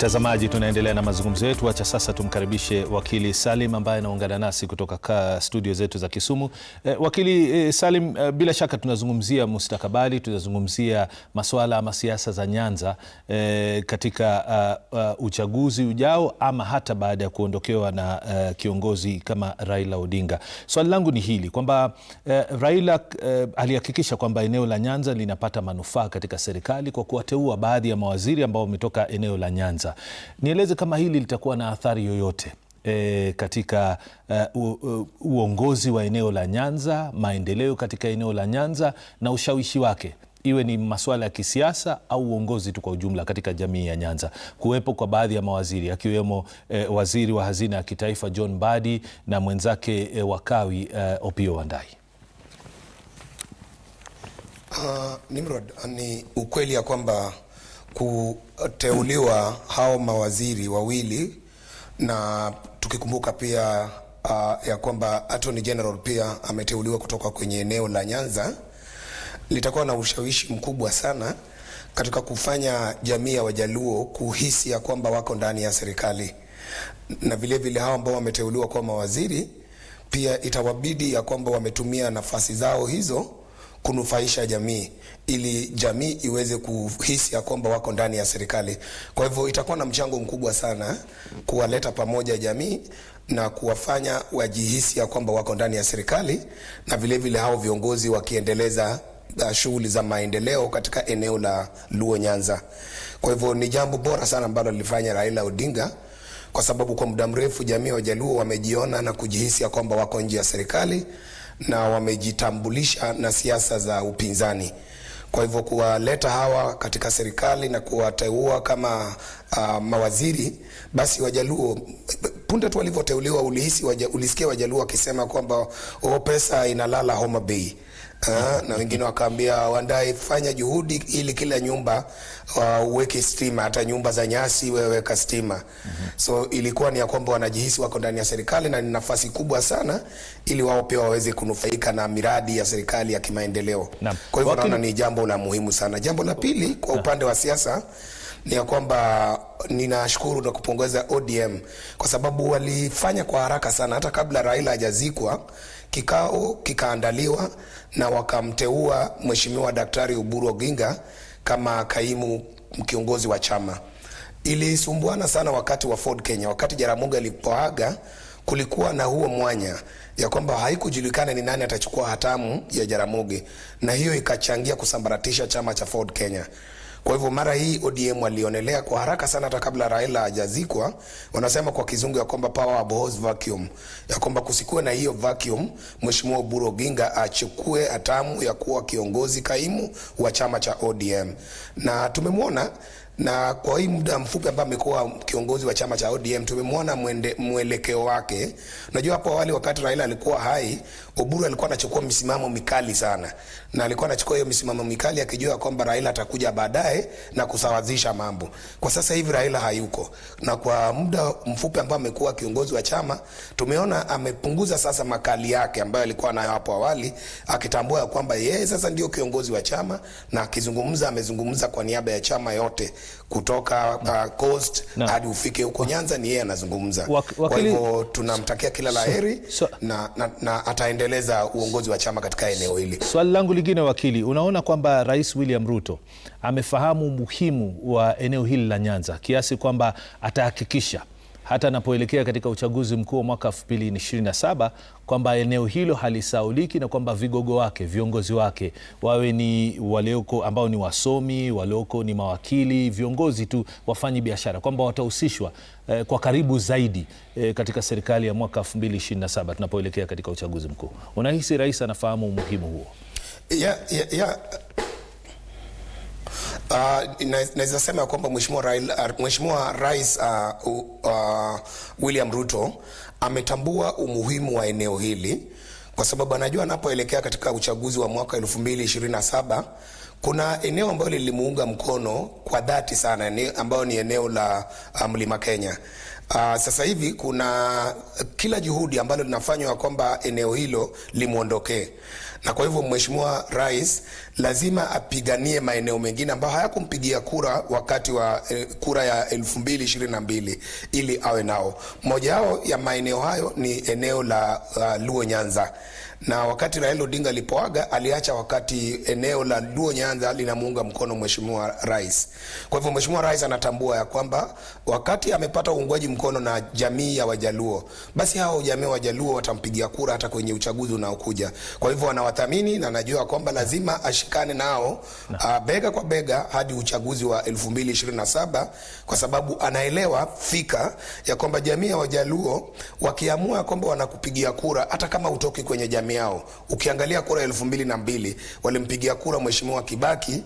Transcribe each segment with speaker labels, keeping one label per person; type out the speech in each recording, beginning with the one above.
Speaker 1: Mtazamaji, tunaendelea na mazungumzo yetu. Acha sasa tumkaribishe wakili Salim ambaye anaungana nasi kutoka studio zetu za Kisumu. E, wakili e, Salim, e, bila shaka tunazungumzia mustakabali, tunazungumzia masuala ama siasa za Nyanza e, katika a, ah, a, ah, uchaguzi ujao ama hata baada ya kuondokewa na a, kiongozi kama Raila Odinga. Swali langu ni hili kwamba e, Raila e, alihakikisha kwamba eneo la Nyanza linapata manufaa katika serikali kwa kuwateua baadhi ya mawaziri ambao wametoka eneo la Nyanza sasa. Nieleze kama hili litakuwa na athari yoyote E, katika uh, u, u, uongozi wa eneo la Nyanza, maendeleo katika eneo la Nyanza na ushawishi wake, iwe ni masuala ya kisiasa au uongozi tu kwa ujumla katika jamii ya Nyanza. Kuwepo kwa baadhi ya mawaziri akiwemo e, waziri wa hazina ya kitaifa John Mbadi na mwenzake eh, wakawi e, Opiyo Wandayi.
Speaker 2: Uh, Nimrod, ni ukweli ya kwamba kuteuliwa hao mawaziri wawili, na tukikumbuka pia uh, ya kwamba Attorney General pia ameteuliwa kutoka kwenye eneo la Nyanza, litakuwa na ushawishi mkubwa sana katika kufanya jamii ya Wajaluo kuhisi ya kwamba wako ndani ya serikali, na vile vile hao ambao wameteuliwa kuwa mawaziri pia itawabidi ya kwamba wametumia nafasi zao hizo kunufaisha jamii ili jamii iweze kuhisi ya kwamba wako ndani ya serikali. Kwa hivyo itakuwa na mchango mkubwa sana kuwaleta pamoja jamii na kuwafanya wajihisi ya kwamba wako ndani ya serikali, na vilevile hao viongozi wakiendeleza uh, shughuli za maendeleo katika eneo la Luo Nyanza. Kwa hivyo ni jambo bora sana ambalo lilifanya Raila Odinga kwa sababu kwa muda mrefu jamii ya Wajaluo wamejiona na kujihisi ya kwamba wako nje ya serikali na wamejitambulisha na siasa za upinzani. Kwa hivyo kuwaleta hawa katika serikali na kuwateua kama uh, mawaziri, basi Wajaluo punde tu walivyoteuliwa, ulihisi ulisikia Wajaluo wakisema kwamba oh, pesa inalala Homa Bay Ha, na wengine wakaambia Wandae, fanya juhudi ili kila nyumba waweke uh, stima, hata nyumba za nyasi weweka stima mm -hmm. So ilikuwa ni ya kwamba wanajihisi wako ndani ya serikali na ni nafasi kubwa sana, ili wao pia waweze kunufaika na miradi ya serikali ya kimaendeleo. Kwa hivyo naona ni jambo la muhimu sana. Jambo la pili kwa upande wa siasa ni ya kwamba ninashukuru na kupongeza ODM kwa sababu walifanya kwa haraka sana, hata kabla Raila hajazikwa kikao kikaandaliwa na wakamteua Mheshimiwa Daktari Uburu Oginga kama kaimu kiongozi wa chama. Ilisumbuana sana wakati wa Ford Kenya, wakati Jaramogi alipoaga kulikuwa na huo mwanya ya kwamba haikujulikana ni nani atachukua hatamu ya Jaramogi, na hiyo ikachangia kusambaratisha chama cha Ford Kenya. Kwa hivyo mara hii ODM walionelea kwa haraka sana, hata kabla Raila hajazikwa. Wanasema kwa kizungu ya kwamba power abhors vacuum, ya kwamba kusikue na hiyo vacuum, mheshimiwa Oburu Oginga achukue hatamu ya kuwa kiongozi kaimu wa chama cha ODM, na tumemwona na kwa hii muda mfupi ambao amekuwa kiongozi wa chama cha ODM tumemwona mwelekeo wake. Unajua hapo awali wakati Raila alikuwa hai Oburu alikuwa anachukua misimamo mikali sana, na alikuwa anachukua hiyo misimamo mikali akijua kwamba Raila atakuja baadaye na kusawazisha mambo. Kwa sasa hivi Raila hayuko, na kwa muda mfupi ambao amekuwa kiongozi wa chama tumeona amepunguza sasa makali yake ambayo alikuwa nayo hapo awali, akitambua kwamba yeye sasa ndio kiongozi wa chama, na akizungumza amezungumza kwa niaba ya chama yote kutoka uh, coast hadi ufike huko Nyanza, ni yeye anazungumza. Kwa hivyo tunamtakia kila laheri so, so, na, na, na ataenda kuendeleza uongozi wa chama katika eneo hili.
Speaker 1: Swali langu lingine, wakili, unaona kwamba Rais William Ruto amefahamu umuhimu wa eneo hili la Nyanza kiasi kwamba atahakikisha hata anapoelekea katika uchaguzi mkuu wa mwaka 2027 kwamba eneo hilo halisauliki na kwamba vigogo wake, viongozi wake wawe ni walioko ambao ni wasomi, walioko ni mawakili, viongozi tu, wafanyi biashara, kwamba watahusishwa eh, kwa karibu zaidi eh, katika serikali ya mwaka 2027 tunapoelekea katika uchaguzi mkuu. Unahisi rais anafahamu umuhimu huo?
Speaker 2: yeah, yeah, yeah. Uh, naweza sema ya kwamba uh, Mheshimiwa Rais uh, uh, William Ruto ametambua umuhimu wa eneo hili kwa sababu anajua anapoelekea katika uchaguzi wa mwaka 2027 kuna eneo ambalo lilimuunga mkono kwa dhati sana, ambayo ni eneo la uh, Mlima Kenya. Uh, sasa hivi kuna kila juhudi ambalo linafanywa kwamba eneo hilo limwondokee na kwa hivyo mheshimiwa rais lazima apiganie maeneo mengine ambayo hayakumpigia kura wakati wa eh, kura ya 2022 ili awe nao. Moja yao ya maeneo hayo ni eneo la uh, Luo Nyanza na wakati Raila Odinga alipoaga aliacha wakati eneo la Luo Nyanza linamuunga mkono mheshimiwa rais. Kwa hivyo mheshimiwa rais anatambua ya kwamba wakati amepata uungwaji mkono na jamii ya Wajaluo, basi hao jamii Wajaluo watampigia kura hata kwenye uchaguzi unaokuja. Kwa hivyo anawathamini na anajua kwamba lazima ashikane nao na a, ah, bega kwa bega hadi uchaguzi wa 2027 kwa sababu anaelewa fika ya kwamba jamii ya Wajaluo wakiamua kwamba wanakupigia kura hata kama utoki kwenye jamii yao. Ukiangalia kura elfu mbili na mbili walimpigia kura mheshimiwa Kibaki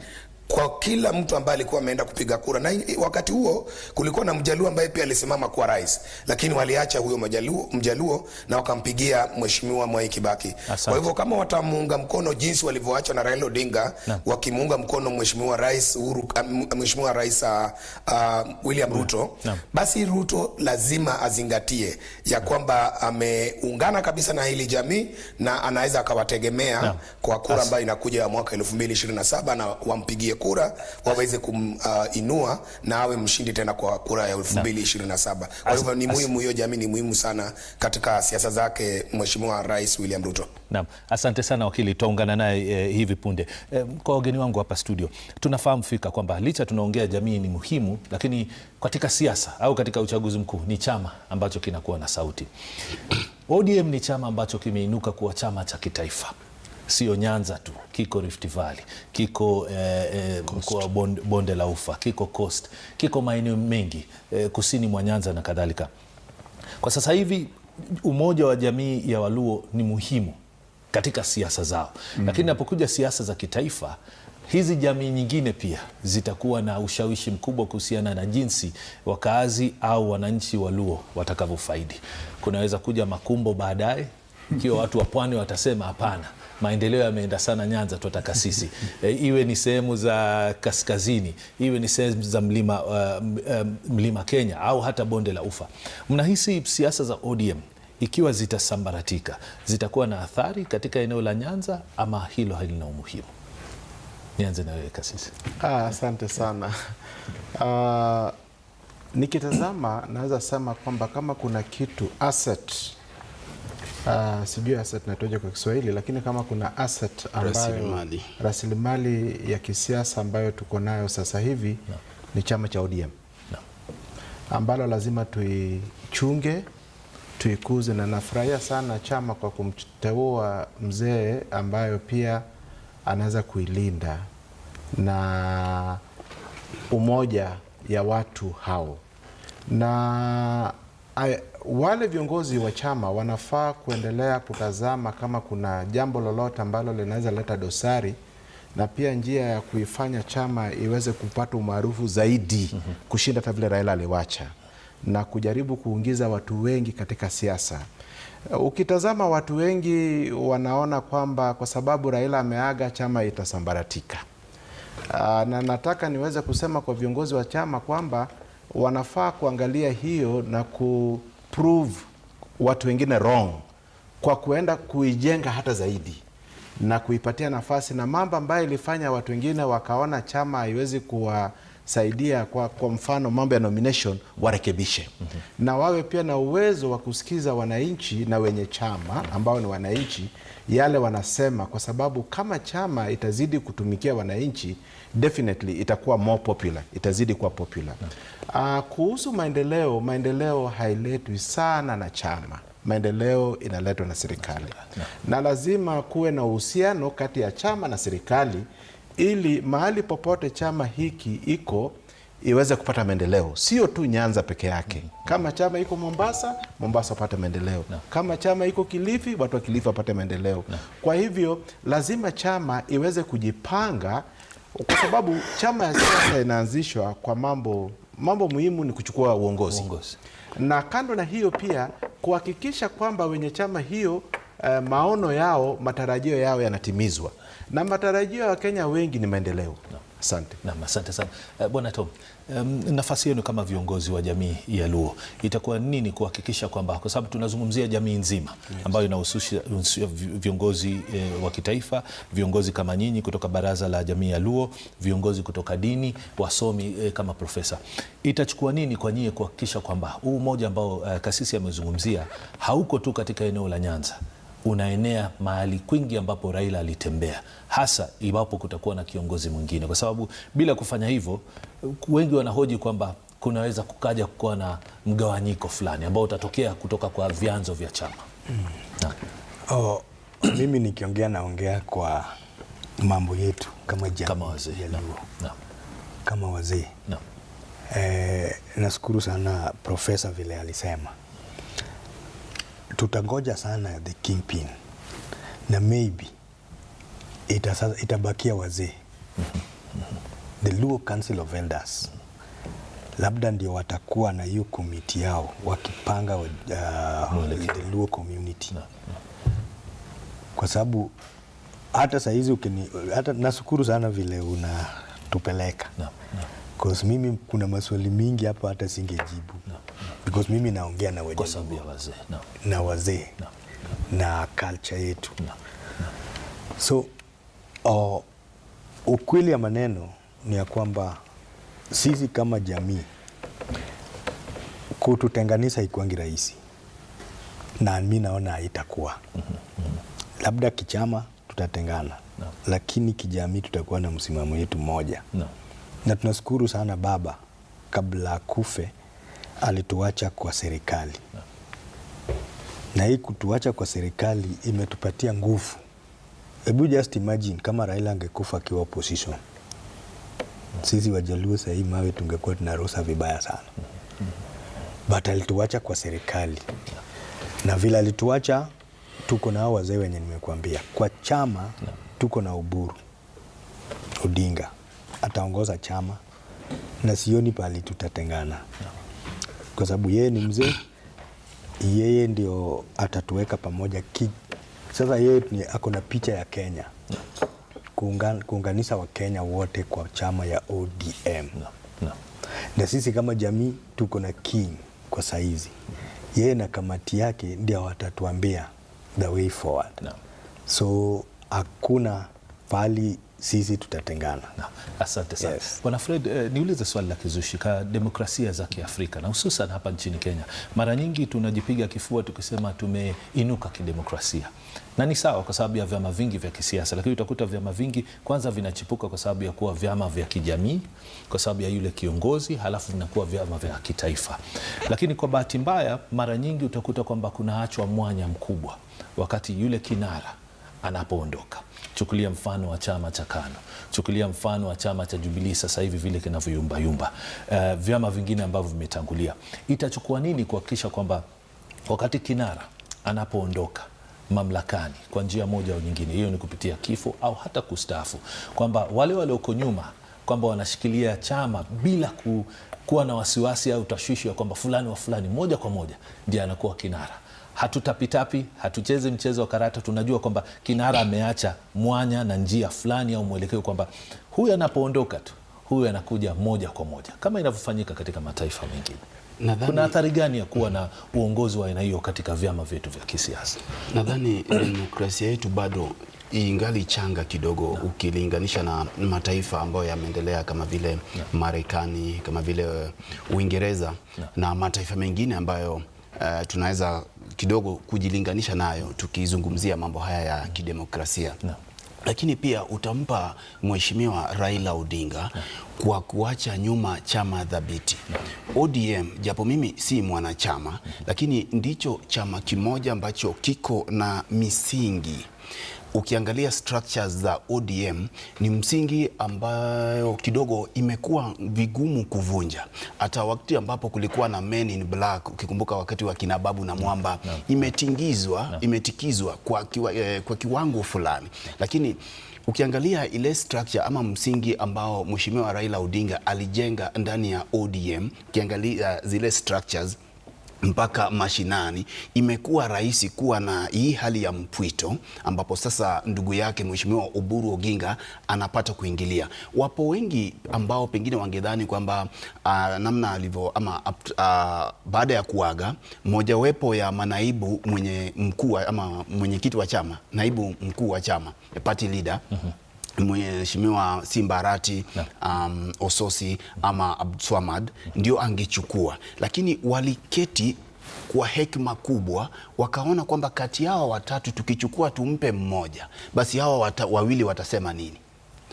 Speaker 2: kwa kila mtu ambaye alikuwa ameenda kupiga kura, na wakati huo kulikuwa na mjaluo ambaye pia alisimama kuwa rais, lakini waliacha huyo mjaluo, mjaluo na wakampigia mheshimiwa Mwai Kibaki. Kwa hivyo kama watamuunga mkono jinsi walivyoacha na Raila Odinga wakimuunga mkono mheshimiwa rais Uhuru, ah, mheshimiwa rais uh, William Ruto na, basi Ruto lazima azingatie ya kwamba ameungana kabisa na hili jamii na anaweza akawategemea kwa kura ambayo inakuja ya mwaka 2027 na wampigie wampigie kura waweze kuinua uh, na awe mshindi tena kwa kura ya 2027. Kwa hivyo ni muhimu hiyo, jamii ni muhimu sana katika siasa zake Mheshimiwa Rais William Ruto.
Speaker 1: Naam, asante sana wakili, tutaungana naye eh, hivi punde eh, kwa wageni wangu hapa studio. Tunafahamu fika kwamba licha tunaongea jamii ni muhimu, lakini katika siasa au katika uchaguzi mkuu ni chama ambacho kinakuwa na sauti. ODM ni chama ambacho kimeinuka kuwa chama cha kitaifa sio Nyanza tu, kiko Rift Valley, kiko eh, eh, mkoa wa bond, bonde la Ufa, kiko Coast, kiko maeneo mengi eh, kusini mwa Nyanza na kadhalika. Kwa sasa hivi umoja wa jamii ya Waluo ni muhimu katika siasa zao mm. Lakini napokuja siasa za kitaifa hizi jamii nyingine pia zitakuwa na ushawishi mkubwa kuhusiana na jinsi wakaazi au wananchi Waluo watakavyofaidi. Kunaweza kuja makumbo baadaye ikiwa watu wa pwani watasema hapana maendeleo yameenda sana Nyanza, tuataka sisi e, eh, iwe ni sehemu za kaskazini, iwe ni sehemu za mlima, uh, eh, mlima Kenya au hata bonde la Ufa. Mnahisi siasa za ODM ikiwa zitasambaratika zitakuwa na athari katika eneo la Nyanza ama hilo halina umuhimu? Nianze na wewe Kasisi.
Speaker 3: Ah, asante sana. Uh, nikitazama naweza sema kwamba kama kuna kitu asset uh, sijui asset natoje kwa Kiswahili, lakini kama kuna asset
Speaker 4: ambayo
Speaker 3: rasilimali ya kisiasa ambayo tuko nayo sasa hivi no. ni chama cha ODM no. ambalo lazima tuichunge tuikuze, na nafurahia sana chama kwa kumteua mzee ambayo pia anaweza kuilinda na umoja ya watu hao na I, wale viongozi wa chama wanafaa kuendelea kutazama kama kuna jambo lolote ambalo linaweza leta dosari na pia njia ya kuifanya chama iweze kupata umaarufu zaidi mm -hmm. kushinda hata vile Raila aliwacha na kujaribu kuingiza watu wengi katika siasa. Ukitazama watu wengi wanaona kwamba kwa sababu Raila ameaga chama itasambaratika. Ah, na nataka niweze kusema kwa viongozi wa chama kwamba wanafaa kuangalia hiyo na kuprove watu wengine wrong kwa kuenda kuijenga hata zaidi na kuipatia nafasi na mambo ambayo ilifanya watu wengine wakaona chama haiwezi kuwa saidia kwa, kwa mfano mambo ya nomination warekebishe, mm -hmm. na wawe pia na uwezo wa kusikiza wananchi na wenye chama ambao ni wananchi yale wanasema, kwa sababu kama chama itazidi kutumikia wananchi definitely itakuwa more popular, itazidi kuwa popular. Uh, kuhusu maendeleo, maendeleo hailetwi sana na chama maendeleo inaletwa na serikali na lazima kuwe na uhusiano kati ya chama na serikali ili mahali popote chama hiki iko iweze kupata maendeleo, sio tu Nyanza peke yake. Kama chama iko Mombasa, Mombasa wapate maendeleo. Kama chama iko Kilifi, watu wa Kilifi wapate maendeleo. Kwa hivyo lazima chama iweze kujipanga, kwa sababu chama ya siasa inaanzishwa kwa mambo mambo muhimu ni kuchukua uongozi, uongozi. Na kando na hiyo pia kuhakikisha kwamba wenye chama hiyo eh, maono yao, matarajio yao yanatimizwa, na matarajio ya Wakenya wengi ni maendeleo.
Speaker 1: Asante na asante sana eh, Bwana Tom. Um, nafasi yenu kama viongozi wa jamii ya Luo itakuwa nini kuhakikisha kwamba, kwa sababu tunazungumzia jamii nzima ambayo inahusisha viongozi e, wa kitaifa, viongozi kama nyinyi kutoka baraza la jamii ya Luo, viongozi kutoka dini, wasomi e, kama profesa, itachukua nini kwa nyie kuhakikisha kwamba huu umoja ambao uh, kasisi amezungumzia hauko tu katika eneo la Nyanza unaenea mahali kwingi ambapo Raila alitembea, hasa iwapo kutakuwa na kiongozi mwingine, kwa sababu bila kufanya hivyo, wengi wanahoji kwamba kunaweza kukaja kukuwa na mgawanyiko fulani ambao utatokea kutoka kwa vyanzo vya chama. Mm.
Speaker 4: Oh, mimi nikiongea naongea kwa mambo yetu kama jamii, kama wazee na, na. Kama wazee na. Eh, nashukuru sana profesa vile alisema tutangoja sana the kingpin na maybe itabakia itabakia wazee mm -hmm. the Luo Council of Elders labda ndio watakuwa na hiyo komiti yao wakipanga uh, the Luo community kwa sababu hata saa hizi hata nashukuru sana vile unatupeleka no. No because mimi kuna maswali mingi hapa hata singejibu no, no. Because mimi naongea na
Speaker 1: Wajaluo wazee no.
Speaker 4: na wazee no. no. na culture yetu no. No. So uh, ukweli ya maneno ni ya kwamba sisi kama jamii kututenganisha ikuangi rahisi, na mi naona haitakuwa mm -hmm. labda kichama tutatengana no. lakini kijamii tutakuwa na msimamo wetu mmoja no na tunashukuru sana baba, kabla kufe alituacha kwa serikali na hii kutuacha kwa serikali imetupatia nguvu. Hebu just imagine kama Raila angekufa akiwa opposition, sisi Wajaluo saa hii mawe tungekuwa tunarusa vibaya sana, but alituacha kwa serikali, na vile alituacha tuko na hao wazee wenye nimekuambia. Kwa chama tuko na Uburu Odinga, ataongoza chama na sioni pahali tutatengana, kwa sababu yeye ni mzee, yeye ndio atatuweka pamoja ki. Sasa yeye ako na picha ya Kenya kuungan, kuunganisha Wakenya wote kwa chama ya ODM no, no. Na sisi kama jamii tuko na king kwa saizi, yeye na kamati yake ndio watatuambia the way forward no. So hakuna pali sisi tutatengana.
Speaker 1: asante sana Bwana Fred eh, niulize swali la kizushi ka demokrasia za Kiafrika na hususan hapa nchini Kenya, mara nyingi tunajipiga kifua tukisema tumeinuka kidemokrasia, na ni sawa kwa sababu ya vyama vingi vya kisiasa, lakini utakuta vyama vingi kwanza vinachipuka kwa sababu ya kuwa vyama vya kijamii, kwa sababu ya yule kiongozi, halafu vinakuwa vyama vya kitaifa. Lakini kwa bahati mbaya, mara nyingi utakuta kwamba kunaachwa mwanya mkubwa wakati yule kinara anapoondoka. Chukulia mfano wa chama cha KANU, chukulia mfano wa chama cha Jubilee sasa hivi vile kinavyoyumbayumba, uh, eh, vyama vingine ambavyo vimetangulia. Itachukua nini kuhakikisha kwamba wakati kinara anapoondoka mamlakani kwa njia moja au nyingine, hiyo ni kupitia kifo au hata kustaafu, kwamba wale walioko nyuma kwamba wanashikilia chama bila ku, kuwa na wasiwasi au tashwishi ya kwamba fulani wa fulani moja kwa moja ndiye anakuwa kinara hatutapitapi, hatuchezi mchezo wa karata. Tunajua kwamba kinara ameacha mwanya na njia fulani au mwelekeo kwamba huyu anapoondoka tu huyu anakuja moja kwa moja kama inavyofanyika katika mataifa mengine. Nadhani, kuna athari gani ya kuwa na uongozi wa aina hiyo katika vyama vyetu vya kisiasa?
Speaker 5: Nadhani demokrasia yetu bado ingali changa kidogo na, ukilinganisha na mataifa ambayo yameendelea kama vile Marekani, kama vile uh, Uingereza na, na mataifa mengine ambayo uh, tunaweza kidogo kujilinganisha nayo tukizungumzia mambo haya ya kidemokrasia no. Lakini pia utampa Mheshimiwa Raila Odinga kwa kuacha nyuma chama thabiti ODM. Japo mimi si mwanachama, mhm. lakini ndicho chama kimoja ambacho kiko na misingi ukiangalia structures za ODM ni msingi ambayo kidogo imekuwa vigumu kuvunja, hata wakati ambapo kulikuwa na men in black, ukikumbuka wakati wa kina Babu na Mwamba no, no, imetingizwa no, imetikizwa kwa, kiwa, eh, kwa kiwango fulani lakini ukiangalia ile structure ama msingi ambao Mheshimiwa Raila Odinga alijenga ndani ya ODM, ukiangalia zile structures mpaka mashinani, imekuwa rahisi kuwa na hii hali ya mpwito, ambapo sasa ndugu yake Mheshimiwa Oburu Oginga anapata kuingilia. Wapo wengi ambao pengine wangedhani kwamba uh, namna alivyo ama uh, baada ya kuaga mojawapo ya manaibu mwenye mkuu ama mwenyekiti wa chama, naibu mkuu wa chama party leader mm -hmm. Mheshimiwa Simba Arati no. um, Ososi ama Abdulswamad ndio angechukua, lakini waliketi kwa hekima kubwa, wakaona kwamba kati yao watatu tukichukua tumpe mmoja, basi hawa wata, wawili watasema nini?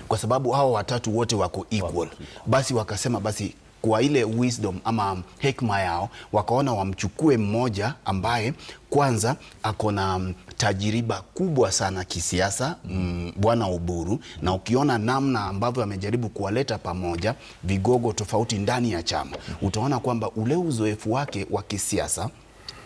Speaker 5: Kwa sababu hawa watatu wote wako equal, basi wakasema basi kwa ile wisdom ama hekima yao wakaona wamchukue mmoja ambaye kwanza ako na mm, tajiriba kubwa sana kisiasa, mm, Bwana uburu Na ukiona namna ambavyo amejaribu kuwaleta pamoja vigogo tofauti ndani ya chama, utaona kwamba ule uzoefu wake wa kisiasa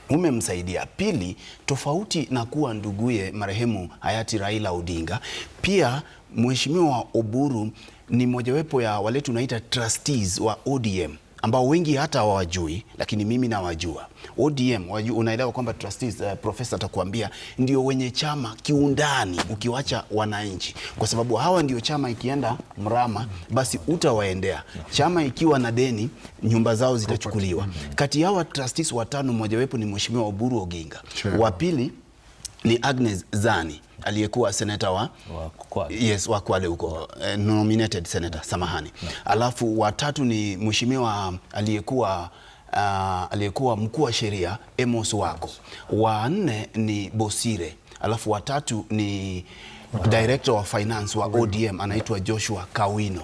Speaker 5: umemsaidia. Pili, tofauti na kuwa nduguye marehemu hayati Raila Odinga, pia mheshimiwa Oburu ni mojawapo ya wale tunaita trustees wa ODM ambao wengi hata hawajui, lakini mimi nawajua ODM. Unaelewa kwamba trustees, uh, eh, profesa atakuambia ndio wenye chama kiundani, ukiwacha wananchi, kwa sababu hawa ndio chama ikienda mrama, basi utawaendea chama. Ikiwa na deni, nyumba zao zitachukuliwa. Kati ya hawa trustees watano, mojawapo ni mheshimiwa Oburu Oginga, wa pili ni Agnes Zani aliyekuwa seneta wa Kwale. Yes, wa Kwale huko eh, nominated senator samahani yeah. Alafu watatu ni mheshimiwa aliyekuwa uh, aliyekuwa mkuu wa sheria Amos Wako, wa nne ni Bosire, alafu watatu ni director wa finance wa ODM anaitwa Joshua Kawino.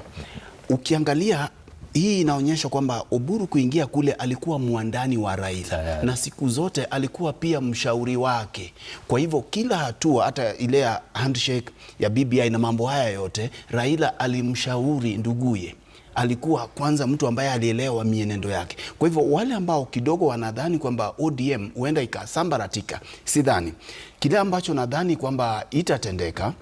Speaker 5: Ukiangalia hii inaonyesha kwamba Oburu kuingia kule alikuwa mwandani wa Raila na siku zote alikuwa pia mshauri wake. Kwa hivyo kila hatua, hata ile ya handshake ya BBI na mambo haya yote, Raila alimshauri nduguye alikuwa kwanza mtu ambaye alielewa mienendo yake. Kwa hivyo wale ambao kidogo wanadhani kwamba ODM huenda ikasambaratika, sidhani. Kile ambacho nadhani kwamba itatendeka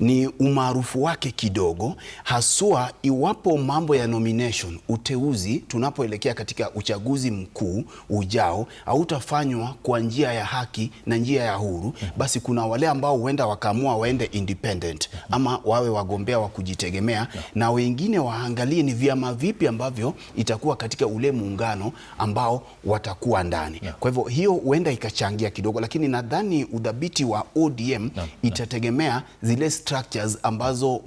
Speaker 5: ni umaarufu wake kidogo, haswa iwapo mambo ya nomination, uteuzi, tunapoelekea katika uchaguzi mkuu ujao, hautafanywa kwa njia ya haki na njia ya huru, basi kuna wale ambao huenda wakaamua waende independent ama wawe wagombea wa kujitegemea, na wengine waangalie ni vyama vipi ambavyo itakuwa katika ule muungano ambao watakuwa ndani. Kwa hivyo hiyo huenda ikachangia kidogo, lakini nadhani udhabiti wa ODM itategemea zile zile structures ambazo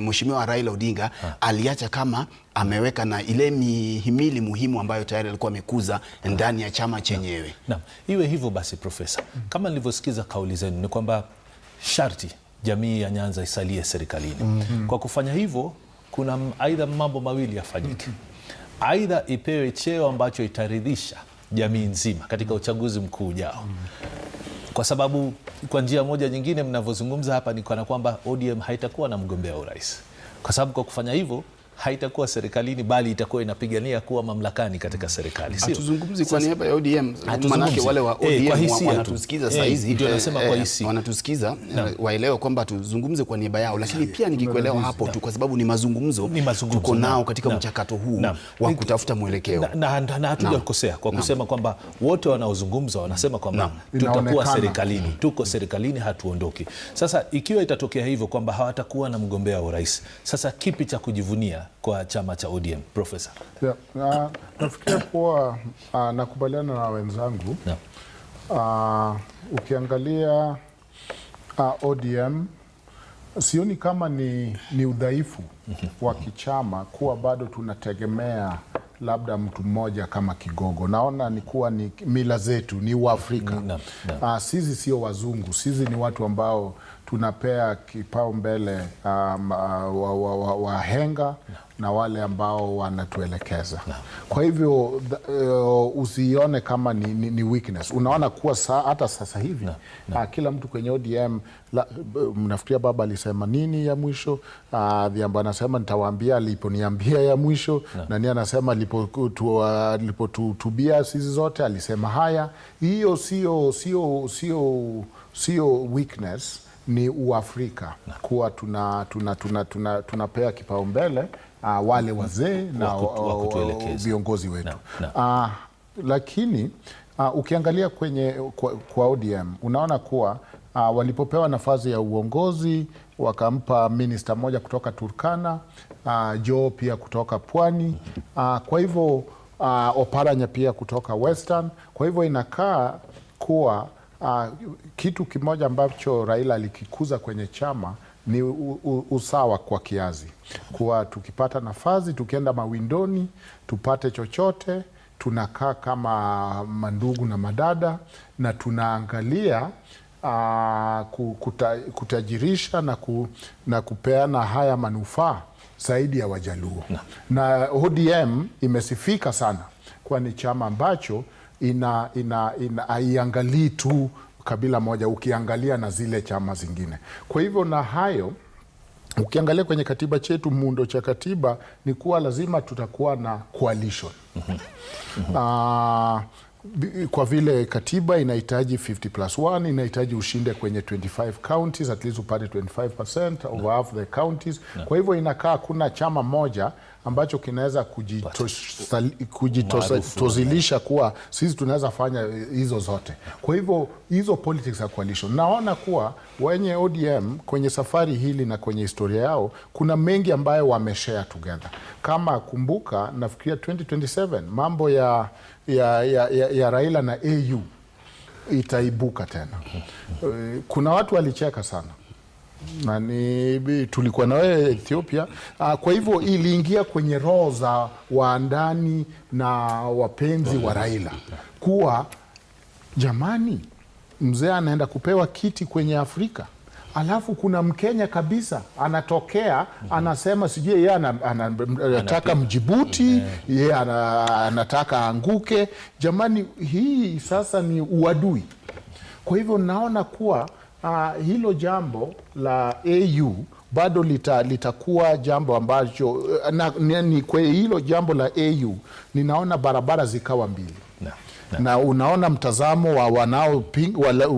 Speaker 5: mheshimiwa Raila Odinga ha. Ah. aliacha kama ameweka na ile mihimili muhimu ambayo tayari alikuwa amekuza ndani ya chama chenyewe. Naam,
Speaker 1: iwe hivyo basi, Profesa, mm. kama nilivyosikiza kauli zenu ni kwamba sharti jamii ya Nyanza isalie serikalini. mm -hmm. Kwa kufanya hivyo kuna aidha mambo mawili yafanyike. mm -hmm. Aidha ipewe cheo ambacho itaridhisha jamii nzima katika uchaguzi mkuu ujao. mm -hmm kwa sababu kwa njia moja nyingine mnavyozungumza hapa ni kana kwamba ODM haitakuwa na mgombea urais, kwa sababu kwa kufanya hivyo haitakuwa serikalini bali itakuwa inapigania kuwa mamlakani katika serikali.
Speaker 5: Hatuzungumzi kwa niaba ya ODM, manake wale wa eh, ODM wanatusikiza eh, sasa hivi, ndio nasema kwa eh, hisia wanatusikiza, waelewe kwamba tuzungumze kwa niaba yao, lakini pia nikikuelewa hapo tu, kwa sababu ni mazungumzo tuko nao katika mchakato huu wa kutafuta mwelekeo,
Speaker 1: na hatujakosea kwa kusema kwamba wote wanaozungumza wanasema kwamba tutakuwa serikalini, tuko serikalini, hatuondoki. Sasa ikiwa itatokea hivyo kwamba hawatakuwa na mgombea wa urais, sasa kipi cha kujivunia? kwa chama cha ODM profesa? Yeah,
Speaker 3: na, nafikiria kuwa uh, nakubaliana na wenzangu yeah. Uh, ukiangalia uh, ah, ODM sioni kama ni, ni udhaifu wa kichama kuwa bado tunategemea labda mtu mmoja kama kigogo. Naona ni kuwa ni mila zetu, ni Uafrika. Ah, sisi sio wazungu, sisi ni watu ambao tunapea kipaumbele um, uh, wahenga wa, wa, wa na wale ambao wanatuelekeza. Kwa hivyo uh, usione kama ni, ni, ni weakness. Unaona kuwa sa, hata sasa hivi na, ah, na. Uh, kila mtu kwenye ODM mnafikiria baba alisema nini ya mwisho? Uh, ambao anasema nitawaambia aliponiambia ya mwisho na, na ni anasema alipotuhutubia lipo tu, ah, sisi zote alisema haya. Hiyo sio sio sio weakness ni Uafrika kuwa tunapewa tuna, tuna, tuna, tuna kipaumbele uh, wale mm-hmm. wazee na viongozi wetu na, na. Uh, ah, lakini uh, ukiangalia kwenye kwa, kwa ODM unaona kuwa uh, walipopewa nafasi ya uongozi wakampa minista moja kutoka Turkana uh, Joho pia kutoka Pwani uh, kwa hivyo uh, Oparanya pia kutoka Western. Kwa hivyo inakaa kuwa Uh, kitu kimoja ambacho Raila alikikuza kwenye chama ni u, u, usawa kwa kiazi, kuwa tukipata nafasi tukienda mawindoni tupate chochote, tunakaa kama mandugu na madada na tunaangalia uh, kuta, kutajirisha na, ku, na kupeana haya manufaa zaidi ya Wajaluo na, na ODM imesifika sana kuwa ni chama ambacho ina, ina, ina haiangalii tu kabila moja, ukiangalia na zile chama zingine. Kwa hivyo na hayo ukiangalia kwenye katiba chetu, muundo cha katiba ni kuwa lazima tutakuwa na coalition uh, kwa vile katiba inahitaji 50 plus 1 inahitaji ushinde kwenye 25 counties, at least upate 25% over half the counties. Kwa hivyo inakaa kuna chama moja ambacho kinaweza kujitozilisha kuwa sisi tunaweza fanya eh, hizo zote. Kwa hivyo hizo politics ya coalition, naona kuwa wenye ODM kwenye safari hili na kwenye historia yao kuna mengi ambayo wameshare together. Kama kumbuka, nafikiria 2027 mambo ya, ya, ya, ya, ya Raila na AU itaibuka tena. Eh, kuna watu walicheka sana nani tulikuwa na wewe Ethiopia. Ah, kwa hivyo iliingia kwenye roho za waandani na wapenzi wa Raila kuwa jamani, mzee anaenda kupewa kiti kwenye Afrika alafu kuna Mkenya kabisa anatokea mm -hmm. Anasema sijui yeye anataka Mjibuti, eh. yeye anataka aanguke. Jamani, hii sasa ni uadui. Kwa hivyo naona kuwa uh, hilo jambo la AU bado litakuwa lita jambo ambacho eh, na, ni kwa hilo jambo la AU ninaona barabara zikawa mbili na, na. na unaona mtazamo wa wanao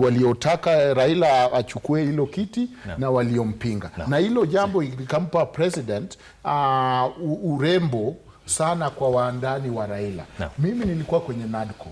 Speaker 3: waliotaka Raila achukue hilo kiti na, na waliompinga na. na hilo jambo likampa president uh, urembo sana kwa waandani wa Raila na. Mimi nilikuwa kwenye NADCO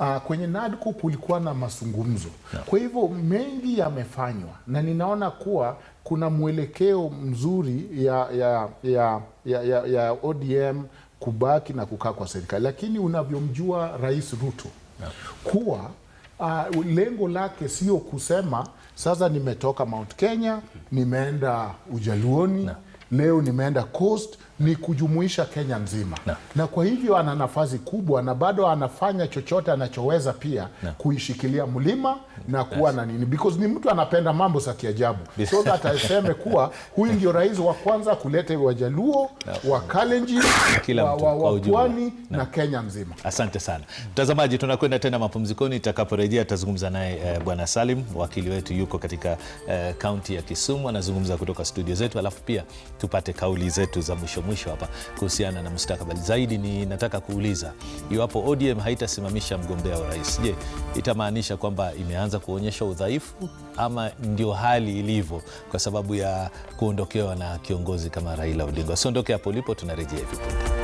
Speaker 3: Uh, kwenye NADCO kulikuwa na mazungumzo yeah. Kwa hivyo mengi yamefanywa na ninaona kuwa kuna mwelekeo mzuri ya, ya, ya, ya, ya, ya ODM kubaki na kukaa kwa serikali, lakini unavyomjua Rais Ruto yeah. kuwa uh, lengo lake sio kusema sasa nimetoka Mount Kenya nimeenda Ujaluoni yeah. leo nimeenda Coast ni kujumuisha Kenya nzima na, na kwa hivyo ana nafasi kubwa na bado anafanya chochote anachoweza pia na, kuishikilia mlima na kuwa yes, na nini because ni mtu anapenda mambo za kiajabu so that aseme kuwa huyu ndio rais wa kwanza kuleta Wajaluo wa Kalenjin wa, wa, wa na, na Kenya nzima.
Speaker 1: Asante sana mtazamaji, tunakwenda tena mapumzikoni. Itakaporejea tazungumza naye eh, Bwana Salim wakili wetu yuko katika eh, kaunti eh, ya Kisumu, anazungumza kutoka studio zetu, alafu pia tupate kauli zetu za mwisho mwisho hapa kuhusiana na mustakabali zaidi, ni nataka kuuliza iwapo ODM haitasimamisha mgombea wa rais, je, itamaanisha kwamba imeanza kuonyesha udhaifu ama ndio hali ilivyo kwa sababu ya kuondokewa na kiongozi kama Raila Odinga? siondoke hapo ulipo, tunarejea hivi punde.